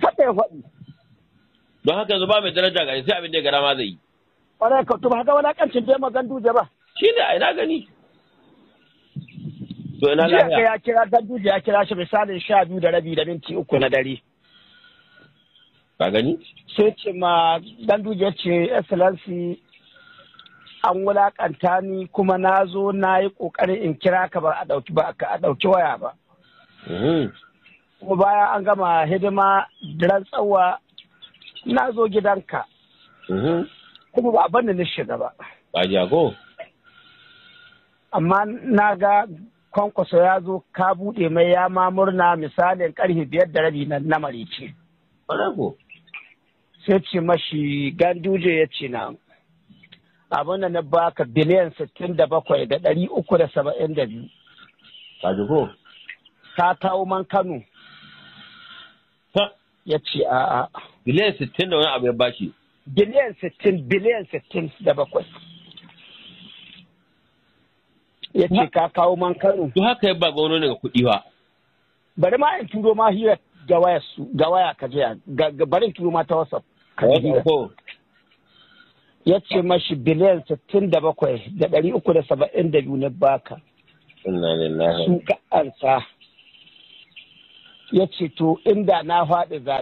haka ya faɗi don haka yanzu ba mai daraja ga sai abin da ya gara ma zai yi ƙwarai ka tuba haka wani aƙancin da ya duje ba shi ne a ina gani to ina lafiya ya kira duje ya kira shi misalin sha biyu da rabi da minti uku na dare ka gani sai ce ma duje ce excellency an wulakanta ni kuma na zo na yi ƙoƙarin in kira ka ba a ɗauki waya ba mhm. kuma bayan an gama hidima rantsawa na zo gidanka mhm. kuma ba abin da na shiga ba ba jago amma na ga kwankwaso ya zo ka bude mai ya ma murna misalin karfe biyar da rabi na marice sai ce mashi ganduje ya ce na abin da na baka biliyan sittin da bakwai da ka kawo man kano ya ce a'a. Biliyan sittin da wani abu ya bashi. Biliyan sittin, biliyan sittin da bakwai. Ya ce ka kawo man Kano. to haka ya ba gwamnati daga kuɗi ba. Bari ma in turo ma hira ga waya su ga waya ka bari in turo ma ta wasa Ka Ya ce mashi biliyan sittin da bakwai da ɗari uku da saba'in da biyu na baka. Su ka ansa. ya ce to inda na faɗi zaɓe